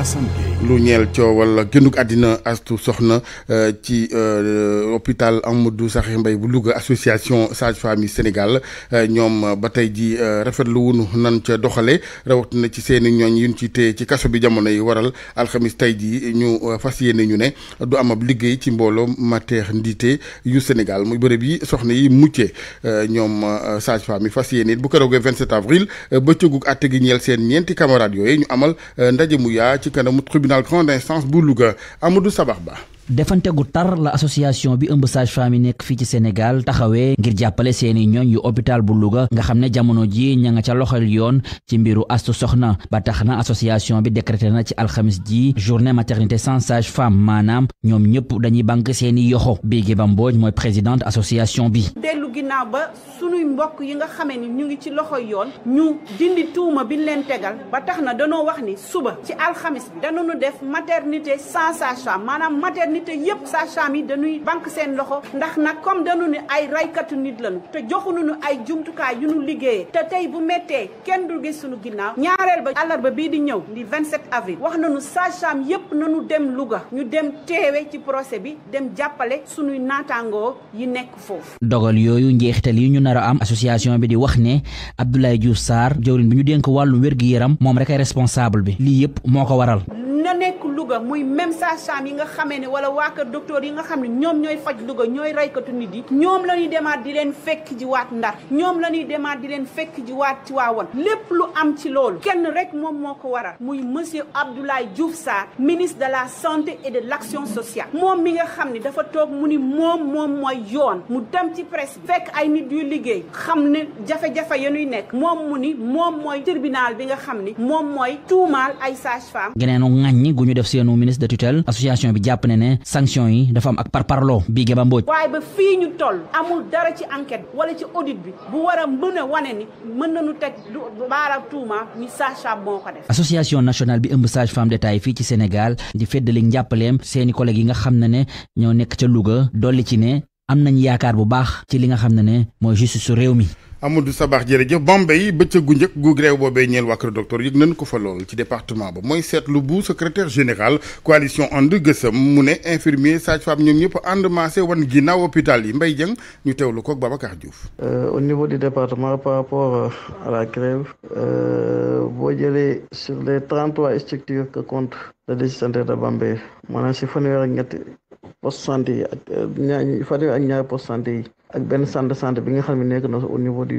Assane Gueye lu ñeel coowal génnug àddina astu soxna euh, ci euh, hôpital Amadou Sakhir mbay bu Louga association sage-femme yi Sénégal euh, ñoom ba tey ji rafetlu wunu nan ca doxale rawatina ci seeni ñooñ yuñ ci te ci kaso bi jamono yi waral alxamis tey ji ñu fas yéene ñu ne du am ab liggéey ci mbooloo maternité yu Sénégal muy bërëb yi soxna yi muccee ñoom sage-femme yi fas yéene bu keroogee 27 avril bëccëgu àtte gi ñeel seen ñeenti camarades yooyu ñu amal ndaje mu yaa ci kanamu tribunal grande instance bu Louga Amadou Sabax Ba defante gu tar la association bi ëmb sage-femme yi nekk fii ci Sénégal taxawee ngir jàppale seeni ñooñ yu hôpital bu Louga nga xam ne jamono ji ña nga ca loxol yoon ci mbiru astu soxna ba tax na association bi décrété na ci alxamis ji journée maternité sans sage-femme maanaam ñoom ñëpp dañuy banque seeni yoxo Biége Bambooñ mooy présidente association bi. dellu ginnaaw ba sunuy mbokk yi nga xamee ni ñu ngi ci loxol yoon ñu dindi tuuma bi leen tegal ba tax na communauté yëpp sage yi dañuy banque seen loxo ndax na comme dañu ne ay raykatu nit lañu te joxuñu nu ay jumtukaay yu nu liggéeyee te tey bu méttee kenn du gis suñu ginnaaw ñaareel ba àllarba bii di ñëw di 27 wax nañu sage-femme yëpp nañu dem luga ñu dem teewe ci procès bi dem jàppale suñuy naataangoo yi nekk foofu dogal yooyu njeexital yi ñu nar a am association bi di wax ne Abdoulaye Diouf saar jëwriñ bi ñu dénk wàllu wér-gi-yaram moom rek ay bi lii yëpp moo ko waral Louga muy même sage-femme yi nga xamee ne wala waa kër docteur yi nga xam ne ñoom ñooy faj Louga ñooy raykatu nit yi ñoom la ñuy demaat di leen fekk ji waat Ndar ñoom la ñuy demaat di leen fekk ji waat ci waawoon lépp lu am ci loolu kenn rek moom moo ko waral muy monsieur Abdoulaye Diouf Sarr ministre de la santé et de l'action moom mi nga xam ne dafa toog mu ni moom moom mooy yoon mu dem ci presse fekk ay nit yuy liggéey xam ne jafe-jafe ya ñuy nekk moom mu ni moom mooy tribunal bi nga xam ni moom mooy tuumaal ay sage-femme soutien ministre de tutelle association bi jàpp na ne sanction yi dafa am ak parparloo bii Géba waaye ba fii toll amul dara ci enquête wala ci audit bi bu war mën a wane ni mën nañu teg lu baara tuuma ni sage moo ko def association nationale bi ëmb sage-femme d'État fii ci senegal di feddali njàppaleem seeni collègues yi nga xam ne ne ñoo nekk ca luga dolli ci ne am nañ yaakaar bu baax ci li nga xam ne ne mooy justice su réew mi Amadou Sabax jërëjëf Bambey bëccëgu njëkk gu grève boobee ñeen waa Kër Docteur yëg nañ ko fa lool ci département ba mooy seetlu bu secrétaire général coalition And Gësëm mu ne infirmier sage-femme ñoom ñëpp ànd maasé wan ginnaaw hôpital yi Mbaye Dieng ñu lu ko ak Babacar euh, au niveau de département par rapport euh, à la grève euh, boo jëlee sur les trent trois structures que compte le DG santé de Bambey maanaam si fanweer ak ñetti poste santé yi a euh, ñaar Fatick ak ñaari santé yi ak benn centre santé bi nga xam ne nekk na au niveau du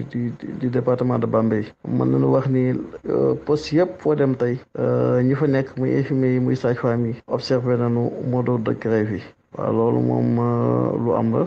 du département de Bambey mën nañu wax ni euh, poste yëpp foo dem tey euh, ñi fa nekk muy infirmier muy sage-femme yi observé nañu mode de grève yi waaw loolu moom lu am la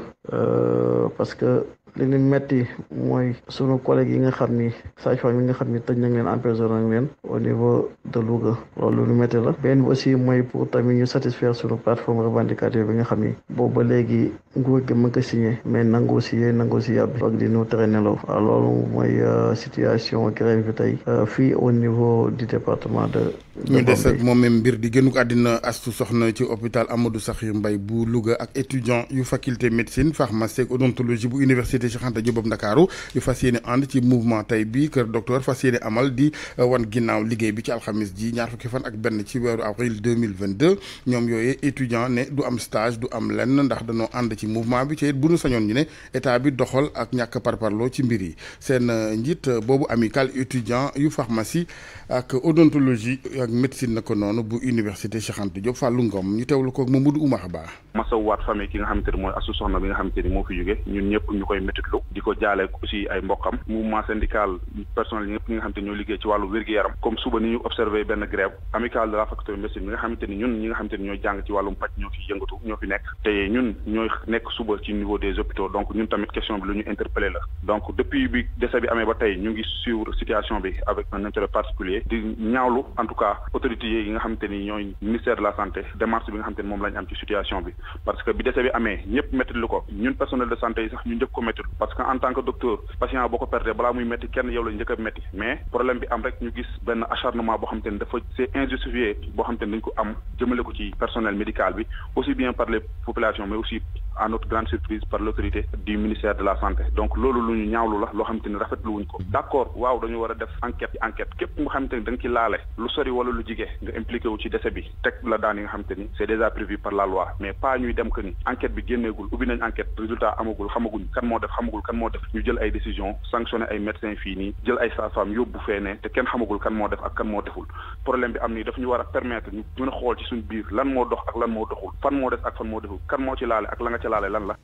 parce que li ñu metti mooy sunu collègue yi nga xam ni sage-femme yi nga xam ni tëj nañ leen emprisonné nañ leen au niveau de Louga loolu lu ñu metti la benn bi aussi mooy pour tamit ñu satisfaire sunu plateforme revendicative bi nga xam ni boobu ba léegi nguur gi mën ko mais nangu si yee nangu si di ñu tere nelaw waaw loolu mooy euh, situation grève bi tey euh, fii au niveau du département de ñu moom même mbir di génn ko àddina astu soxna ci hôpital Amadou Sakhir Mbaye bu Louga ak étudiant yu faculté médecine pharmacie ak odontologie bu université université Cheikh Anta Diop bu Ndakaaru yu fas yéene ci mouvement tay bi kër docteur fas yéene amal di euh, wan ginnaaw liggéey bi ci alxamis ji ñaar fukki fan ak benn ci weeru avril 2022 ñoom yooyu étudiant ne du am stage du am lenn ndax dañoo ànd ci mouvement bi ci it bu nu sañoon ñu ne état bi doxal ak ñàkk parparloo ci mbir yi seen euh, njiit euh, boobu amical étudiant yu pharmacie ak odontologie ak médecine na ko noonu bu université Cheikh Anta Diop Fallou Ngom ne mooy métitlu di ko jaale aussi ay mbokkam mouvement syndical personnel yi ñëpp nga xam te ñoo liggéey ci wàllu wér ni ñu observé benn grève amicale de la faculté de ni ñun nga xamante te ñun ñooy nekk suba ci niveau des hôpitaux donc ñun tamit question bi lu ñu interpellé la donc depuis bi décès bi amee ba tey ñu ngi suivre situation bi avec un particulier di ñaawlu en tout cas autorités yi nga xamante ni ni moom lañu am situation bi parce que bi décès bi amee ñëpp métti lu yi sax ñu parce que en tant que docteur patient boo ko perdee balaa muy métti kenn yow la njëkk a métti mais problème bi am rek ñu gis benn acharnement boo xam te ne dafa c'est injustifié boo xam te dañ ko am jëmale ko ci personnel médical bi aussi bien par les populations mais aussi à notre grande surprise par l'autorité du ministère de la santé donc loolu lu ñu ñaawlu la loo xamante ni rafetlu wuñ ko d'accord waaw dañu war a def enquête enquête képp nga xamante ni ci laale lu sori wala lu jige nga impliqué wu ci décès bi teg la daan nga xamante ni c'est déjà prévu par la loi mais pas ñuy dem que ni enquête bi génneegul ubbi nañ enquête résultat amagul xamaguñ kan moo def xamagul kan moo def ñu jël ay décision sanctionné ay médecins fii nii jël ay sage-femme yóbbu feenee te kenn xamagul kan moo def ak kan moo deful problème am nii ñu war a permettre ñu mën a xool lan moo dox ak moo doxul fan moo def ak fan moo deful laale ak la laajte laale lan la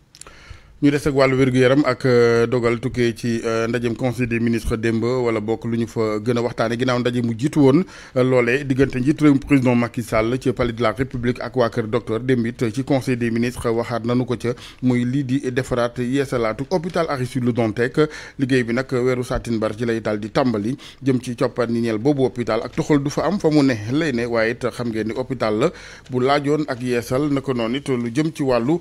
ñu des ak wàllu wér-gu-yaram ak euh, dogal tukkee ci euh, ndajem conseil des ministre démb wala bokk lu ñu fa gën a waxtaane ginnaaw ndaje mu jiit woon euh, loolee diggante njiitu réew président Macky Sall ci palais la république ak waa kër docteur démb it ci conseil des ministres waxaat nanu ko ca muy lii di defaraat yeesalaatu hôpital Aristide Le Dantec liggéey bi nag weeru saatin bar ci lay daal di tàmbali jëm ci coppat ni ñeel boobu hôpital ak toxol du fa am fa mu ne lay ne waaye xam ngeen ni hôpital la bu laajoon ak yeesal naka noonu it lu jëm ci wàllu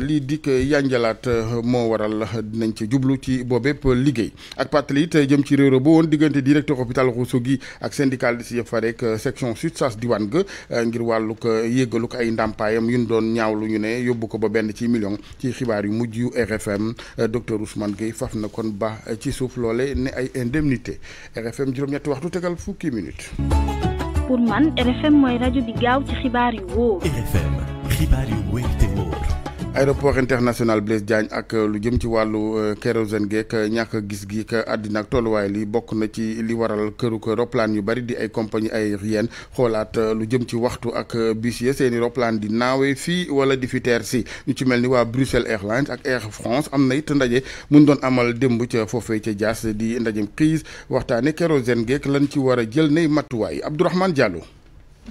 lii di yanjala xalaat euh, moo waral dinañ ci jublu ci boobépp liggéey ak pàttali jëm ci réeróo ba woon diggante directeur hôpital gi ak syndicaliste di fa rek euh, section sud sas diwaan ga euh, ngir wàllug yëggalug ay ndàmpaayam yu ñu doon ñaawlu ñu ne yóbbu ko ba benn ci million ci xibaar yu mujj yu RFM docteur Ousmane Gueye faf na kon ba ci suuf loole ne ay indemnité RFM juróom-ñetti waxtu tegal fukki minutes. aéroport international Blaise Diagne ak euh, lu jëm ci wàllu euh, kérosène geek euh, ñàkk gis gi ak àddina ak tolluwaay li bokk na ci li waral këru ko roplaan yu bari di ay compagnie aérienne xoolaat lu jëm ci waxtu ak bis ya seeni roplaan di naawe fii wala di fi teer si ñu ci mel ni waa Bruxelles Airlines ak Air France am na it ndaje mun doon amal démb ca foofee ca Diass di ndajem crise waxtaane kérosène geek lan ci war a jël nay matuwaay Abdourahmane Diallo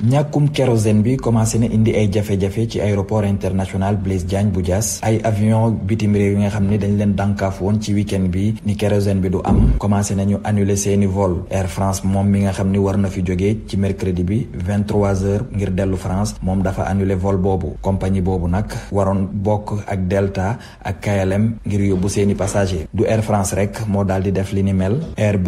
ñàkkum kérosène bi commencé na indi ay jafe-jafe ci aéroport international Blaise Diagne bu Diass ay avion bitim réew yi nga xam ni dañ leen dànkaaf woon ci week-end bi ni kérosène bi du am commencé nañu annule seeni vol Air France moom mi nga xam ni war na fi jóge ci mercredi bi 23 heures ngir dellu France moom dafa annuler vol boobu compagnie boobu nag waroon bokk ak Delta ak KLM ngir yóbbu seeni passager du Air France rek moo daal di def li ni mel Air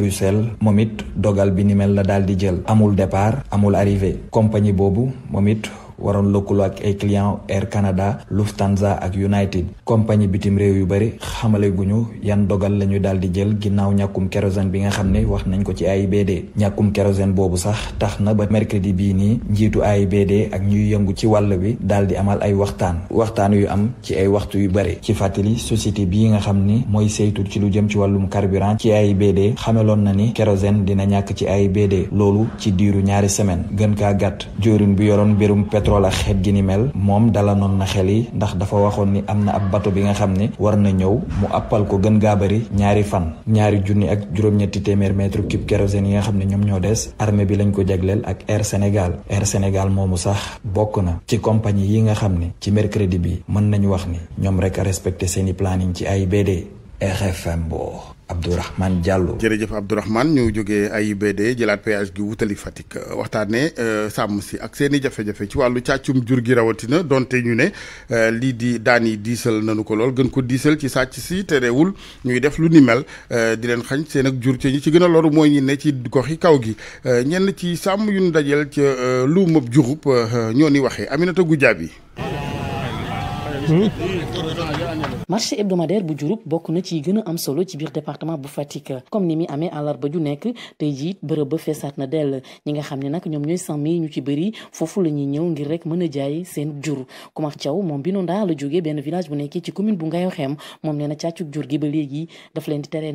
moom it dogal bi ni mel la daal di jël amul départ amul arrivée compagnie boobu moom it waroon lëkkaloo ak ay client Air Canada Lufthansa ak United compagnie bitim réew yu bëri xamale guñu yan dogal la ñu daal di jël ginnaaw ñàkkum kérosène bi nga xam ne wax nañ ko ci ay AIBD ñàkkum kérosène boobu sax tax na ba mercredi bii nii njiitu AIBD ak ñuy yëngu ci wàll bi daal di amal ay waxtaan waxtaan yu am ci ay waxtu yu bëri ci fàttali société bii nga xam ni mooy saytu ci lu jëm ci wàllum carburant ci ay AIBD xameloon na ni kérosène dina ñàkk ci AIBD loolu ci diiru ñaari semaine gën kaa gàtt joorin bu yoroon mbirum pétrole pétrole ak xeet gi ni mel moom dala noon na xel yi ndax dafa waxoon ni am na ab bato bi nga xam ne war na ñëw mu appal ko gën gaa bëri ñaari fan ñaari junni ak juróom-ñetti téeméer mètre yi nga xam ne ñoom ñoo des armée bi lañ ko jagleel ak Air Sénégal Air Sénégal moomu sax bokk na ci compagnie yi nga xam ne ci mercredi bi mën nañu wax ni ñoom rek a respecté seeni planning ci ay BD RFM Mbour Abdourahmane Diallo. jërëjëf Abdourahmane ñu ay AIBD jëlaat péage gi wutali Fatick euh, waxtaanee euh, sàmm si ak seen i jafe-jafe ci wàllu càccum jur gi rawatina donte ñu ne euh, lii di daan yi diisal nañu ko lool gën ko diisal ci sàcc si terewul ñuy def lu ni mel di leen xañ seen ak jur ci ñu ci gën a loru mooy ñi ne ci gox yi kaw gi ñenn ci sàmm yu ñu dajeel ca lu mëb jurub ñoo ni waxee Aminata Goudiaby. Hmm? marché hebdomadaire bu Diouroup bokk na ci yi am solo ci biir département bu Fatick comme ni mi amee àllarba ju nekk tey jii bërëb ba feesaat na dell ñi nga xam ne nag ñoom ñooy sàmm ñu ci bëri foofu la ñëw gi ba léegi daf eh,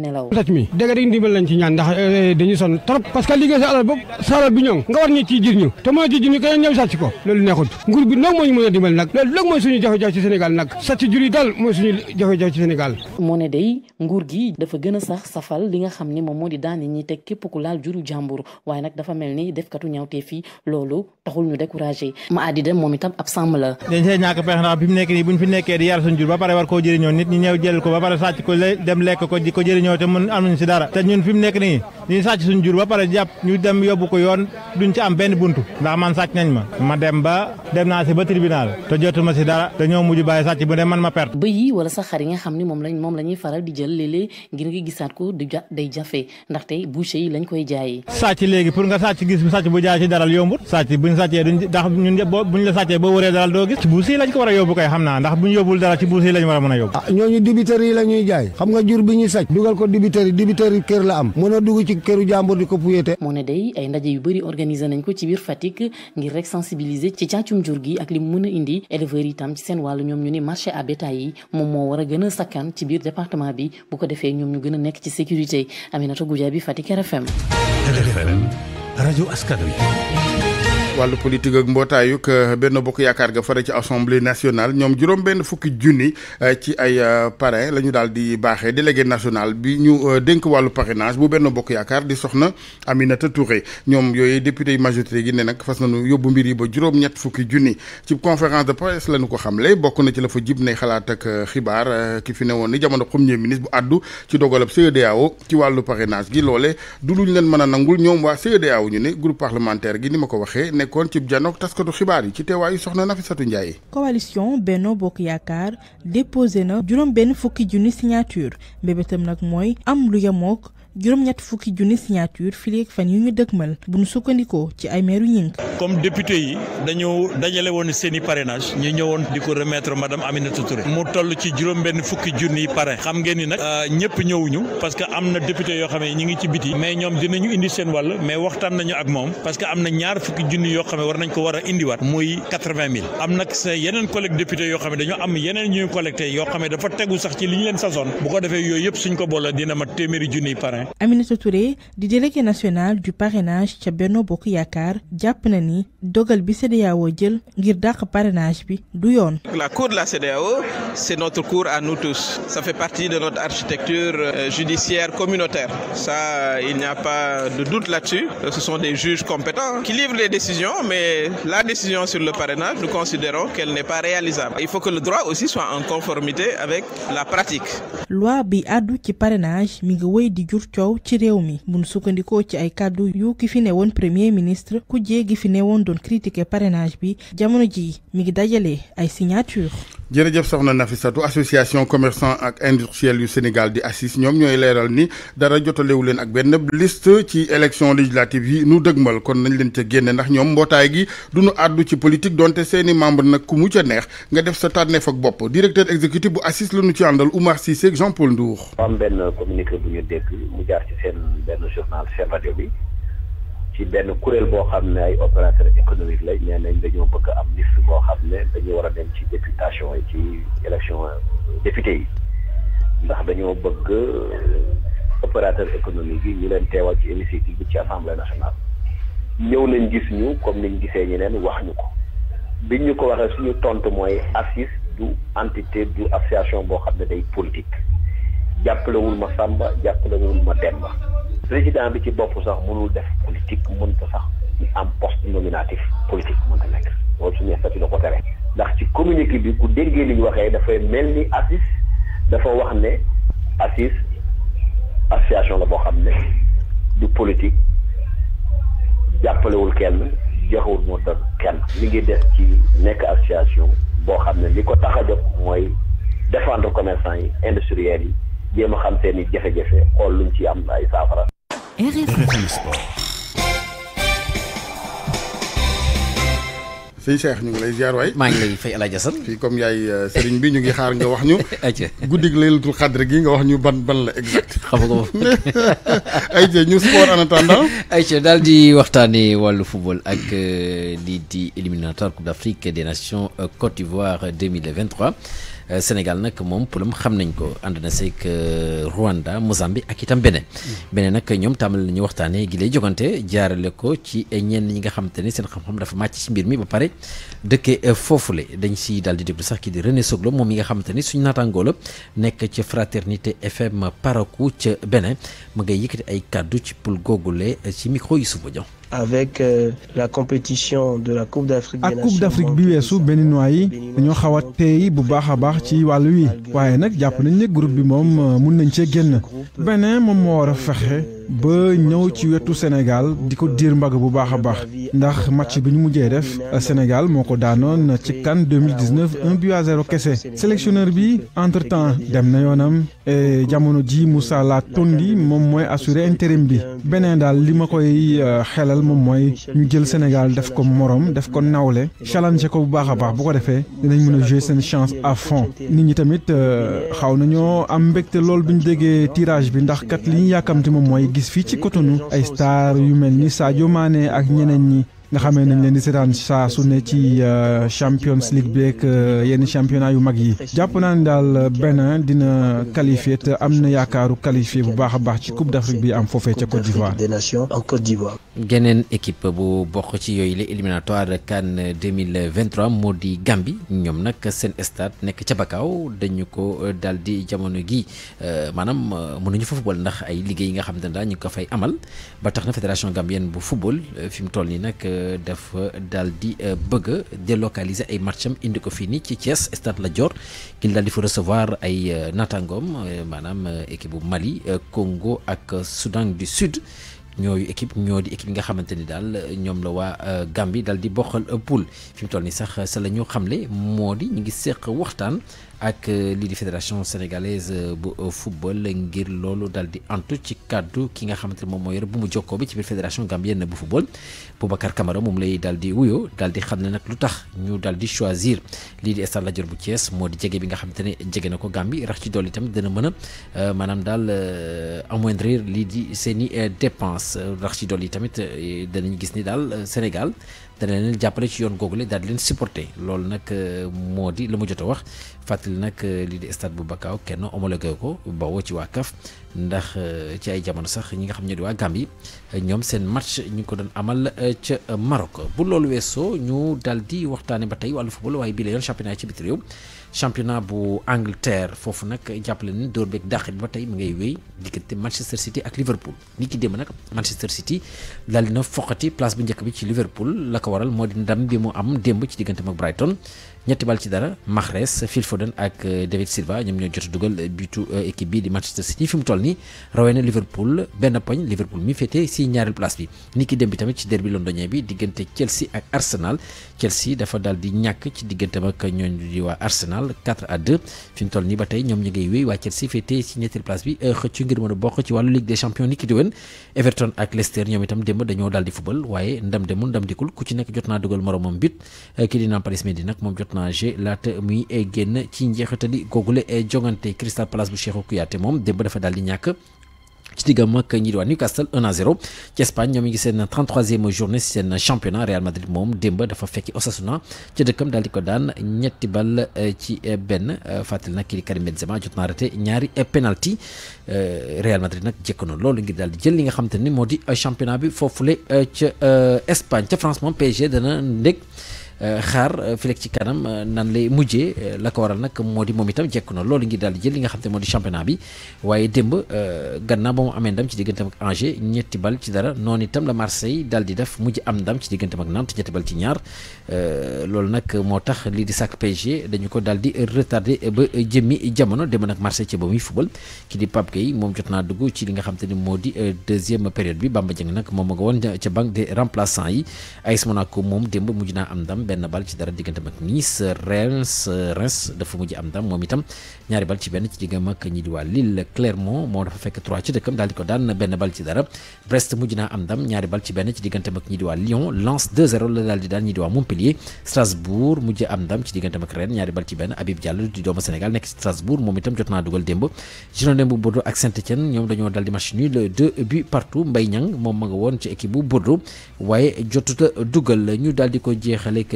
nga war ñu ci jir ñu te mën a ci jir ñu keneen ñëw sàcc ko loolu neexut nguur bi nag moo ñu mën a dimbal nag loolu nag mooy suñu jafe-jafe ci Sénégal nag sàcc jur yi daal mooy suñu jafe-jafe ci Sénégal. moo ne day nguur gi dafa gën a sax safal li nga xam ni moom moo di daan ñi teg képp ku laal juru jàmbur waaye nag dafa mel ni defkatu ñawtee fii loolu taxul ñu découragé ma addida moom itam ab sàmm la. dañ see ñàkk pexe ndax bi mu nekk nii ba jëriñoo nit ñi ñëw jël ko ba pare sàcc ko dem lekk ko jëriñoo te mun am si dara te ñun fi nekk nii ñu sàcc suñ jur ba pare jàpp ñu dem yóbbu ko yoon duñ ci am benn buntu ndax man ba dem naa si ba tribunal te jotuma si dara te ñoo mujj saxaar yi xam ni moom lañ faral di jël léeg ngir ngi gisaat ko day jafe ndaxte boucher yi lañ koy jaayee sàcc léegi pour nga sàcc gis sàcc bu jaay ci daral yombut sàcc buñ sàccee yi lañ ko war a yóbbu koy xam a a yóbbu ah ñooñu dibiteri jaay xam nga jur bi ñuy sàcc dugal ko dibiteri dibiteri kër la am mën a dugg ci këru jàmbur di ko puyete moo ne day ay ndaje yu bëri organiser nañ ko ci biir Fatick ngir rek sensibiliser ci càccum jur gi ak li mu mën a indi éleveurs itam ci seen wàllu moo war a gën a sakkan ci bi bu ko defee ñoom ñu gën a nekk ci sécurité Aminata Goudiaby Fatick RFM. RFM rajo askan wi wàllu politique ak mbootaayug benn bokk yaakaar ga fare ci assemblée nationale ñoom juróom benn fukki junni euh, ci ay euh, parrain la ñu daal di baaxee délégué national bi ñu euh, dénk wàllu parrainage bu benn bokk yaakaar di soxna Aminata Touré ñoom yooyu député yi majorité gi ne nag fas nañu yóbbu mbir yi ba juróom-ñett fukki junni ci conférence de presse la ñu ko xamle bokk na ci la fa jib ne xalaat ak xibaar ki fi ne woon ni jamono premier ministre bu àddu ci dogalab CEDEAO ci wàllu parrainage gi loole du leen mën a nangul ñoom waa CEDEAO ñu ne groupe parlementaire gi ni ma ko waxee nekkoon cib janook taskatu xibaar yi ci teewaayu soxna Nafisatu Ndiaye. coalition Benno Bokk Yaakaar déposé na juróom benn fukki junni signature mbébétam nag mooy am lu yemook juróom-ñett fukki junni signature fileeg fan yu ñu dëgmal bu ñu sukkandikoo ci ay meeru ñink comme député yi dañu dajale woon seen i parrainage ñu ñëwoon di ko remettre madame Aminata Touré mu toll ci juróom-benn fukki junni parrain xam ngeen ni nag euh, ñëpp ñëwuñu parce que am na député yoo xam ñu ngi ci biti mais ñoom dinañu indi seen wàll mais waxtaan nañu ak moom parce que am na ñaar fukki junni yoo xam war nañ ko war a indiwaat muy quatre-vingt mille am nag sa yeneen collègue député yoo xam yoo xam ne dafa tegu li ñu leen sasoon bu ko defee yooyu yëpp suñ ko boole dina mat téeméeri junni parrain. Aminata Touré di délégué national du parrainage ca Benno Bokk Yaakaar jàpp na ni dogal bi CEDEAO jël ngir dàq parrainage bi du yoon. la cour de la CEDEAO c'est notre cour à nous tous ça fait partie de notre architecture euh, judiciaire communautaire ça euh, il n'y a pas de doute là-dessus ce sont des juges compétents qui livrent les décisions mais la décision sur le parrainage nous considérons qu'elle n'est pas réalisable il faut que le droit aussi soit en conformité la pratique. coow ci réew mi mun sukkandikoo ci ay kàddu yu ki fi ne woon premier ministre ku gi fi ne woon doon critiquer parrainage bi jamono ji mi ngi dajale ay signature jërëjëf soxna na fi Nafisatu association commercant ak industriel yu Sénégal di assis ñoom ñooy leeral ni dara jotalewu leen ak benn liste ci élection législative yi nu dëgmal kon nañ leen ca génne ndax ñoom mbootaay gi du ñu àddu ci politique donte seeni membre nag ku mu ca neex nga def sa tànneef ak bopp directeur exécutif bu ACIS la ñu ci àndal Oumar Cissé ak Jean Paul Ndour. communiqué bu ñu dégg mu jaar ci seen benn journal seen rajo bi. ci benn kuréel boo xam ne ay opérateur économique lay nee dañoo bëgg am liste boo xam ne dañu war a dem ci députation yi ci élection euh, député yi ndax dañoo bëgg euh, opérateur économique yi ñu leen teewal ci hémicycle bi ci assemblée nationale ñëw nañ gis ñu comme niñ gisee ñeneen wax ñu ko biñ ñu ko waxee suñu tontu mooy assis du entité du association boo xam ne day politique jàppalewul ma Samba jàppalewul ma Demba président bi ci bopp sax mënul def politique mënta sax am post nominatif politique mënta nekk loolu suñu statut la ko tere ndax ci communiqué bi ku déggee li ñu waxee dafay mel ni ACIS dafa wax ne ACIS association la boo xam ne du politique jàppalewul kenn joxewul moo tax kenn li ngi des ci nekk association boo xam ne li ko tax a jóg mooy défendre commerçant yi industriels yi jéem a xam seen i jafe-jafe xool luñ ci am ay saafara RFM Sport. sëñ ngi lay ziar maa ngi lay fay El Hadj Assane fii comme yaay euh, sëriñ bi ñu ngi xaar nga wax ñu. ayca guddi gi laylatul xadr gi nga wax ñu ban ban la ko ayca ñu daal di waxtaanee wàllu football ak euh, lii di éliminatoire Coupe d'Afrique des Nations euh, Côte d'Ivoire Euh, Sénégal nag moom problème xam nañ ko ànd na seeg euh, Rwanda Mozambique ak itam beneen mm. beneen nag ñoom tàmbali nañu waxtaanee gi lay jogante jaarale ko ci ñenn ñi nga xam te seen xam-xam dafa màcc ci mbir mi ba pare dëkkee euh, foofule dañ si daal di déglu sax ki di René Soglo moom mi nga xam te ni suñu naataangoo la nekk ca Fraternité FM paraku ca beneen ma ngay yëkkati ay kàddu ci pul googule ci micro Youssouf Bodian avec euh, la compétition de la coupe d'Afrique ak coupe d'Afrique bi weesu béninois yi dañoo xaw a teey bu baax a baax ci wàll wi waaye nag jàpp nañ ne groupe bi moom euh, mun nañ cee génn Bénin moom moo war a fexe. ba ñëw ci wetu Sénégal di ko diir mbagg bu baax a baax ndax match bi ñu mujjee def Sénégal moo ko daanoon ci CAN 2019 un but à zéro kese sélectionneur bi entre temps dem na yoonam jamono ji Moussa La Tondi moom mooy assure intérim bi beneen daal li ma koy euh, xelal moom mooy ñu jël Sénégal def ko morom def ko nawle challenge ko bu baax a baax bu ko defee dinañ mën a jouer seen chance à fond nit ñi tamit euh, xaw na nañoo am mbegte lool bi ñu déggee tirage bi ndax kat li ñu yàkkamti moom mooy gis fii ci Cotonou ay star yu mel ni Sadio Mané ak ñeneen ñi nga xamee nañ leen di seetaan saa su ne ci euh, champions league beeg euh, yenn championnat yu mag yi. jàpp naa ne daal euh, Bénin dina qualifié te am na yaakaaru qualifié bu baax a baax ci coupe d' Afrique bi am foofee ca Côte d'Ivoire. geneen équipe bu bokk ci yooyu la éliminatoire CAN 2023 moo di Gambie ñoom nag seen stade nekk ca Bakaaw dañu ko dal di jamono gi maanaam mënuñu fa football ndax ay liggéey yi nga xam ne daa ñu ko fay amal ba tax na fédération gambienne bu football fi mu toll nii nag. dafa daal di euh, bëgg a délocaliser ay matcham indi ko fii nii ci Thiès stade Lat Dior ngir daal di fa recevoir ay euh, naataangoom euh, maanaam équipe bu Mali Congo ak Soudan du Sud ñooyu équipe ñoo di équipe yi nga xamante ni daal ñoom la waa Gambie daal di bokkal poule fi mu toll nii sax sa la ñu xamle moo di ñu ngi seq waxtaan. ak euh, lii di fédération sénégalaise euh, bu euh, football ngir loolu dal di antu ci kàddu ki nga xamante ne moom moo yor bu mu jokkoo bi ci biir fédération gambienne bu football Boubacar Camara moom lay daal di wuyoo daal di xam ne nag lu tax ñu daal di choisir lii di stade Lat bu Thiès moo di jege bi nga xamante ne jege na ko Gambie rax ci dolli tamit dana mën a maanaam daal amoindrir lii di seen i dépense rax ci dolli tamit danañ gis ni daal Sénégal. dana leen jàppale ci yoon googu la daal leen supporter loolu nag euh, moo di lu mu jot a wax fàttali nag euh, lii di stade bu Bakaaw kenn homologué ko bawoo ci waa CAF ndax euh, ci ay jamono sax ñi nga xam ñoo di waa Gambie ñoom seen match ñu ngi ko doon amal ca Maroc bu loolu weesoo ñu daal di waxtaane ba tey wàllu football waaye bii la yoon championnat ci biti réew championnat bu Angleterre foofu nag jàppale ni dóor beeg dàq bi ba tey mu ngay wéy diggante Manchester City ak Liverpool ni ki démb nag Manchester City daal dina foqati place bu njëkk bi ci Liverpool la ko waral moo di ndam bi mu am démb ci digganteem ak Brighton. ñetti bal ci dara Mahrez Phil ak euh, David Silva ñoom ñoo jot dugal euh, butu euh, équipe bi di Manchester City fi mu toll nii rawee na Liverpool benn poñ Liverpool mi féete si ñaareelu place bi. ni ki dem bi tamit ci derby londonien bi diggante Chelsea ak Arsenal Chelsea dafa daal di ñàkk ci diggante ak ñooñu di waa Arsenal 4 à 2 fi toll nii ba tey ñoom ñu ngay Chelsea féete si ñetteelu place bi xëcc ngir mën a bokk ci wàllu Ligue des champions ni ki di wen Everton naa dugal moromam but ki di Nampalys Mendy étranger laata muy génn ci njeexitali googule jongante Crystal Palace bu Cheikhou Kouyaté moom démb dafa daal di ñàkk. ci diggam ak ñi Newcastle 1 à 0 ci Espagne ñoom ñi ngi seen 33e journée si seen championnat Real Madrid moom démb dafa fekki Osasuna ci dëkkam daal di ko daan ñetti bal euh, ci euh, benn euh, fàttali nag kii di Karim Benzema jot naa raté ñaari penalty Real Madrid nag jëkkanoon loolu ngir daal di jël li nga xam te ni moo di championnat bi foofule ca Espagne ca France moom PSG dana ndég xaar fileeg ci kanam euh, nan lay mujjee euh, la ko waral nag moo di moom itam jekk na loolu ngi daal di jël li nga xam te moo di championnat bi waaye démb euh, gannaaw ba mu amee ndam ci digganteem ak Angers ñetti bal ci dara noonu itam la Marseille daal di def mujj am ndam ci digganteem ak Nantes ñetti bal ci ñaar loolu nag moo tax lii di sac PSG dañu ko daal di retardé ba jëmmi jamono démb nag Marseille ci ba muy football ki di Pape Gueye moom jot naa dugg ci li nga xam ni moo di deuxième période bi Bamba Dieng nag moom nga woon ca banc des remplaçants yi AS Monaco moom démb mujj naa am ndam benn bal ci dara digganteem ak Nice Reims Reims dafa mujj am ndam moom itam ñaari bal ci benn ci diggam ak ñi di waa Clermont moo dafa fekk trois ci dëkkam daal di ko daan benn bal ci dara Brest mujj naa am ndam ñaari bal ci benn ci digganteem ak ñi Lyon Lens la daal di daan ñi di waa Strasbourg mujj am ndam ci digganteem ak Rennes ñaari bal ci benn Habib Diallo di doomu Sénégal nekk ci Strasbourg moom itam jot naa dugal démb Girondins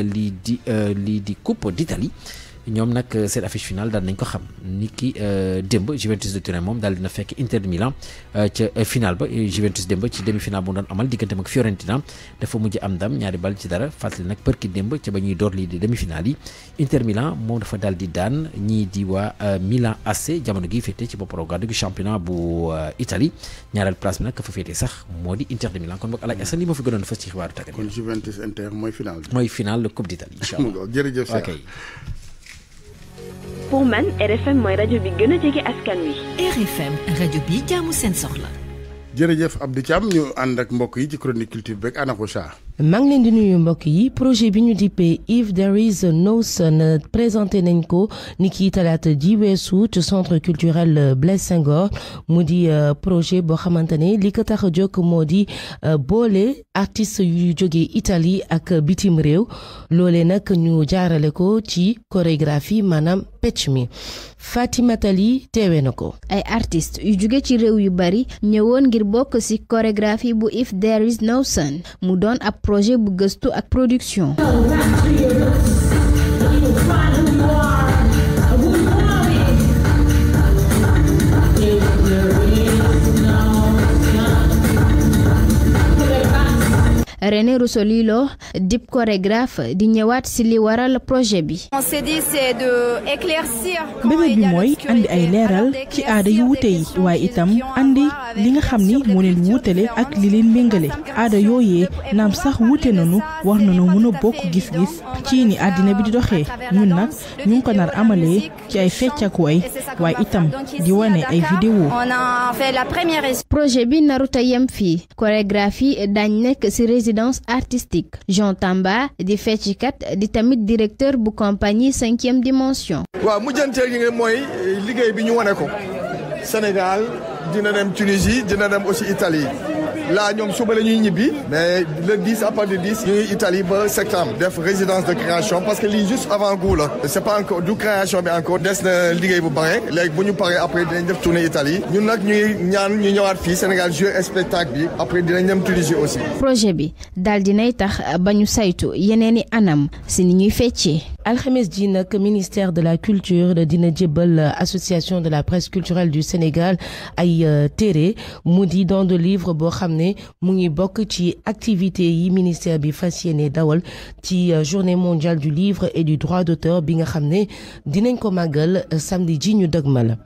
li di euh, lii di Coupe ditali ñoom nag euh, seen affiche finale daal nañ ko xam ni ki euh, démb Juventus de Turin moom daal dina fekk Inter de Milan euh, ca finale ba Juventus démb ci demi finale bu mu doon amal digganteem ak Fiorentina dafa mujj am ndam di demi finale yi moom dafa daal di daan ñii di waa Milan AC jamono gi féete ci bopp rogadu gi championnat bu Italie ñaareel place bi nag ka fa féete sax moo di Inter de Milan kon boog Alaaji Assane li moo fi gënoon fës ci xibaaru tàggat mooy finale mooy pour man RFM mooy rajo bi gën a jege askan wi. RFM rajo bi jaamu seen soxla. jërëjëf Abdou Thiam ñu ànd ak mbokk yi ci chronique culture beeg Anacocha. maa ngi leen di nuyu mbokk yi projet bi ñu dippee if there is no sun nañ ko ni ki talaata ji weesu ci centre culturel Blaise Senghor mu di euh, projet boo xamante ne li ko tax a jóg moo di euh, boole artist yu jóge Italie ak bitim réew loole nag ñu jaarale ko ci chorégraphie maanaam pecc mi Fatimata Tali teewee na ko. ay artiste yu jóge ci réew yu bari ñëwoon ngir bokk ci chorégraphie bu if there is no mu doon ab projet bu gëstu ak production René Roussoli Lo dip chorégraphe di ñëwaat si li waral projet bi. on s'est mooy andi ay leeral ci aada yu wute yi waaye itam andi li nga xam ni moo leen wuutale ak li leen méngale aada yooyee naam sax wuute nanu war nañu mën a bokk gis-gis ci ni àddina bi di doxee mun nag ñu ko nar amalee ci ay fecc ak way waaye itam di wane ay vidéo. projet bi naruta yem fii chorégraphie dañ nekk si résidence danse artistique Jean Tamba di feccikat di tamit directeur bu compagnie cinquième dimension. waaw mujjanteel gi mooy liggéey bi ñu wane ko Sénégal dina dem Tunisie dina dem aussi Italie. là ñoom suba la ñuy ñibbi mais le 10 à partir du 10 ñu ngi Italie ba septembre def résidence de création parce que li juste avant goût la c'est pas encore du création bi encore des na liggéey bu bare léegi bu ñu paree après dinañ def tournée Italie ñun nag ñuy ñaan ñu ñëwaat fii Sénégal jouer spectacle bi après dinañ dem Tunisie aussi projet bi daal nay tax ba ñu saytu yeneen yeneeni anam si ni ñuy feccee alxames ji nag ministère de la culture dina jébbal association de la presse culturelle du Sénégal ay euh, téere mu di don de livre boo xam ne mu ngi bokk ci activité yi ministère bi fas yéene dawal ci euh, journée mondiale du livre et du droit d'auteur bi nga xam ne dinañ ko màggal euh, samdi ji ñu dëgmal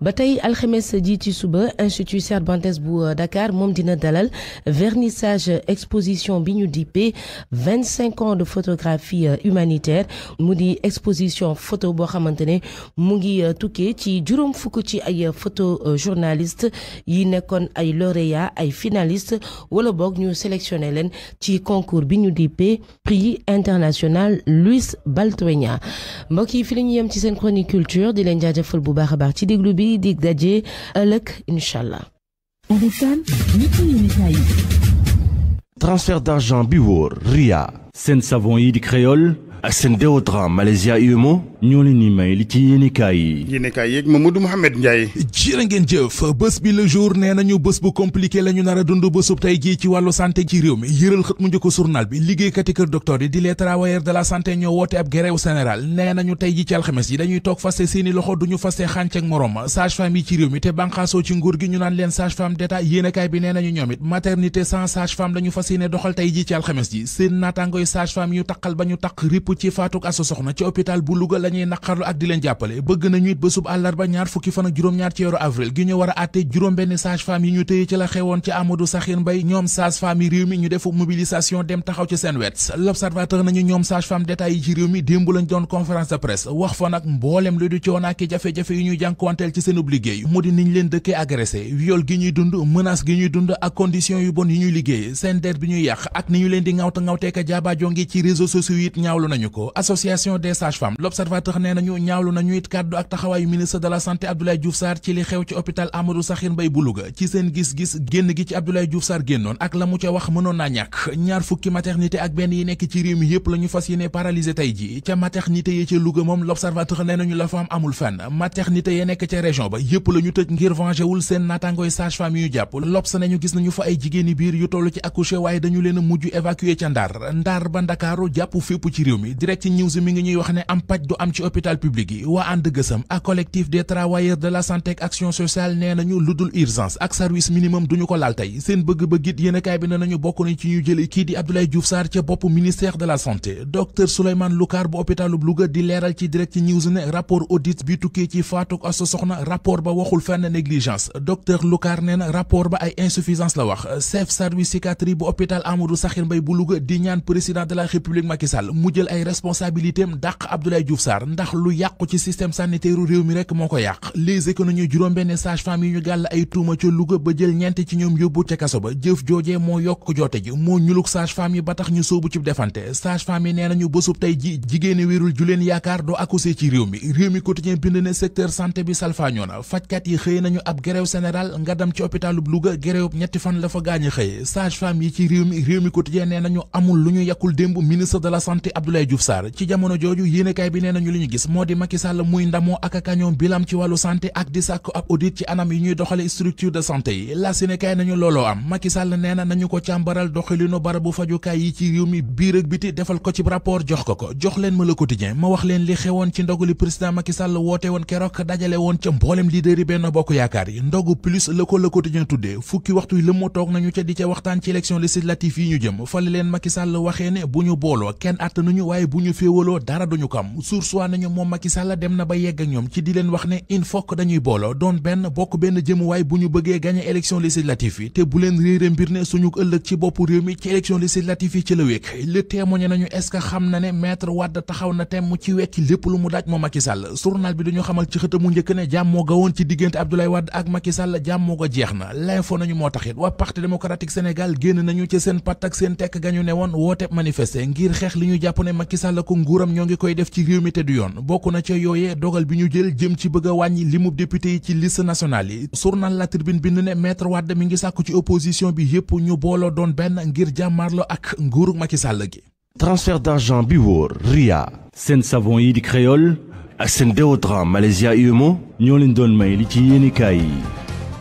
ba tey alxames ji ci suba institut Cervantes bu euh, Dakar moom dina dalal vernissage exposition bi ñu dippee vingt cinq ans de photographie euh, humanitaire mu di exposition photo boo xamante ne mu ngi euh, tukkee ci juróom fukk ci ay photo yi nekkoon ay lauréat ay finaliste wala boog ñu sélectionné leen ci concours bi ñu dippee prix international Luis Baltueña mbokk yi fi la ñu yem ci seen chronique culture di leen jaajëfal bu baax a baax ci déglu bi dig daje ëllëg incha allah. transfert d'argent bi wóor RIA. seen savon yi di créole. ak seen déodorant Malaysia UMO ñoo leen di may li ci yéenekaay yi. yéenekaay yeeg Mamadou Mouhamed Ndiaye. jërë ngeen jëf bés bi le jour nee nañu bés bu compliqué la ñu nar a dund bésub ci wàllu santé ci réew mi yëral xët mu njëkk journal bi liggéeykati kër docteur yi di les de la santé ñoo woote ab grève générale nee nañu tey ji ci alxames yi dañuy toog faste seeni loxo duñu faste xànc ak morom sage-femme yi ci réew mi te banqaasoo ci nguur ñëpp ci faatuk bu Louga la naqarlu ak di leen jàppale bëgg nañu it bésub àllarba ñaar fukki fan ak juróom-ñaar ci weeru avril gi ñu war a àtte juróom-benn sage-femme yi ñu tëye ci la xewoon ci Amadou Sakhir Mbaye ñoom sage-femme yi mi ñu defu mobilisation dem taxaw ci seen wet l'observateur nañu ñoom sage-femme d'état yi ci réew mi démb lañ doon conférence de presse wax fa nag mbooleem lu di coono jafe-jafe yi ñuy jànkuwanteel ci seenub liggéey mu nañu ko association des sages-femmes l'observateur nee nañu ñaawlu nañu it kàddu ak taxawaayu ministre de la santé Abdoulaye Diouf Sarr ci li xew ci hôpital Amadou Sakhir Mbaye bu Louga ci seen gis-gis génn gi ci Abdoulaye Diouf Sarr génnoon ak la mu ca wax mënoon naa ñàkk ñaar fukki maternité ak benn yi nekk ci réew mi yépp la ñu fas yéene paralysé tey ji ca maternité yi ca Louga moom l'observateur nee nañu la femme amul fenn maternité ya nekk ca région ba yépp la ñu tëj ngir venger wul seen naataangooy sage-femme yu ñu nañu fa ay jigéeni biir yu toll ci accoucher waaye dañu leen a mujj évacuer ca Ndar Ndar jàpp fépp ci réew mi mi direct news mi ngi ñuy wax ne am paj du am ci hôpital public yi waa ànd gësam ak collectif des travailleurs de la santé ak sociale nee nañu lu dul urgence ak service minimum duñu ko laal tey seen bëgg-bëgg it yéenekaay bi ne nañu bokk nañ ci ñu jëli kii di Abdoulaye Diouf Sarr ca bopp ministère de la santé docteur Souleymane Loukar bu hôpitalu Louga di leeral ci direct news ne rapport audit bi tukkee ci faatuk asu rapport ba waxul ay responsabilité am dàq Abdoulaye Diouf Sarr ndax lu yàqu ci système sanitaire réew mi rek moo ko yàq les économies juróom-benn sage-femme yi ñu gàll ay tuuma ca Louga ba jël ñeent ci ñoom yóbbu ca kaso ba jëf joojee moo yokk joote ji moo ñuluk sage-femme yi ba tax ñu sóobu ci defante sage-femme yi nee nañu bësub tey jigéeni wérul ju leen yaakaar doo accusé ci réew mi réew mi quotidien bind ne secteur santé bi salfaañoo na fajkat yi xëy nañu ab grève général nga dem ci hôpitalub luga grève ñetti fan la fa gaañi yi ci mi réew mi quotidien nee nañu amul lu ñu yàkkul Diouf Sarr ci jamono jooju yéenekaay bi nee nañu li ñu gis moo di Macky muy ndamoo ak kañoom bilam ci wàllu santé ak di sàkku ab audit ci anam yi ñuy doxale structure de santé yi la nañu looloo am Macky nee na nañu ko càmbaral doxalinu barabu fajukaay yi ci réew mi biir ak biti defal ko ci rapport jox ko ko jox leen ma le quotidien ma wax leen li xewoon ci ndogu li président Macky woote woon keroog dajale woon ca mboolem leader benn bokk waaye bu ñu féewaloo dara duñu ko am sursoi nañu moom Macky Sall dem na ba yegg ak ñoom ci di wax ne il faut dañuy booloo doon benn bokk benn jëmuwaay bu ñu bëggee gagné élection législative yi te bu réere mbir ne suñu ëllëg ci bopp réew mi ci élection législative yi ci la wékk le témoigné nañu est xam na ne maître Wade taxaw na tem ci wekki lépp lu mu daaj moom Macky Sall bi dañu xamal ci xëtamu njëkk ne jàmmoo ga woon ci diggante Abdoulaye Wade Macky Sall ko nguuram ñoo ngi koy def ci réew mi te du yoon bokk na ca yooyee dogal bi ñu jël jëm ci bëgg wàññi li mu député yi ci liste nationale yi journal La Tribune bind ne maître Wade mi ngi sàkku ci opposition bi yépp ñu booloo doon benn ngir jàmmaarloo ak nguurug Macky Sall gi transfert d'argent bi wóor ria seen savon yi di créole ak seen déodorant Malaysia UMO ñoo leen doon may li ci yéenekaay yi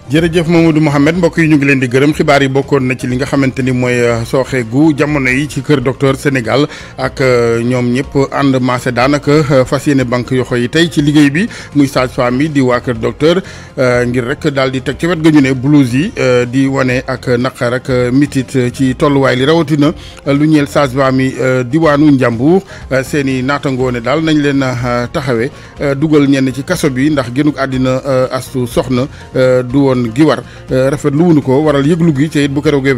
jërëjëf du Mouhamed mbokk yi ñu ngi leen di gërëm xibaar yi bokkoon na ci li nga xamante ni mooy euh, sooxe gu jamono yi ci kër docteur Sénégal ak euh, ñoom ñëpp ànd maase daanaka euh, fas yéene banque yoxo yi tey ci liggéey bi muy sage-femme yi di waa kër docteur ngir rek daal di teg ci wet ga ñu ne blouse yi di wane ak naqar ak mitit ci tolluwaay li rawatina lu ñeel sage-femme yi diwaanu Njàmbur seen i naatangoo daal nañ leen taxawe dugal ñenn ci kaso bi ndax génnug àddina astu soxna du yoon euh, rafet lu wuñu ko waral yëglu gi te it bu keroogee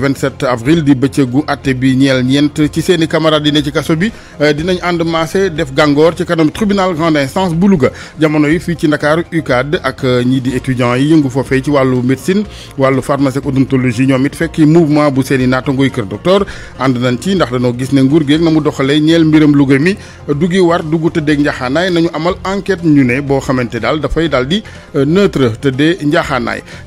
avril di bëccëgu atte bi ñeel ñeent ci seen i camarades yi ne ci kaso bi euh, dinañ ànd maase def gàngoor ci kanam tribunal grande instance bu Louga jamono yi fii ci Ndakaaru UCAD ak euh, ñii di étudiants yi yëngu foofee ci wàllu médecine wàllu pharmacie ak odontologie ñoom it fekk mouvement bu seen i naatangoy kër docteur ànd nañ ci ndax dañoo gis ne nguur geeg na mu doxalee ñeel mbiram Louga mi dugi ne boo xamante daal dafay daal di neutre tëddee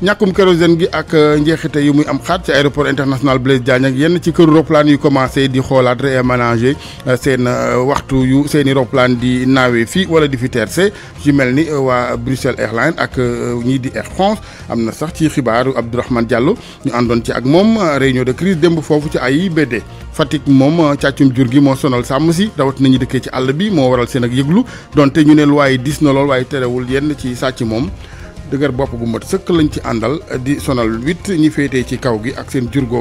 ñàkkum kérosène gi ak euh, njeexite yi muy am xaat ci aéroport international Blaise Diagne ak yenn ci këru roplaan yu commencé di xoolaat réaménager euh, seen euh, waxtu yu seeni i roplaan di naawee fii wala di fi terse ci mel ni waa Bruxelles Airlines ak ñii di Air France am na sax ci xibaaru Abdourahmane Diallo ñu àndoon ci ak moom réunion de crise démb foofu ci AIBD Fatick moom càccum jur gi moo sonal sàmm si rawat nañu dëkkee ci àll bi moo waral seen ak yëglu donte ñu ne luwaay dis na lool waaye terewul yenn ci sàcc moom dëgër bopp gu mat sëkk lañu ci àndal di sonal huit ñi féetee ci kaw gi ak seen jur googu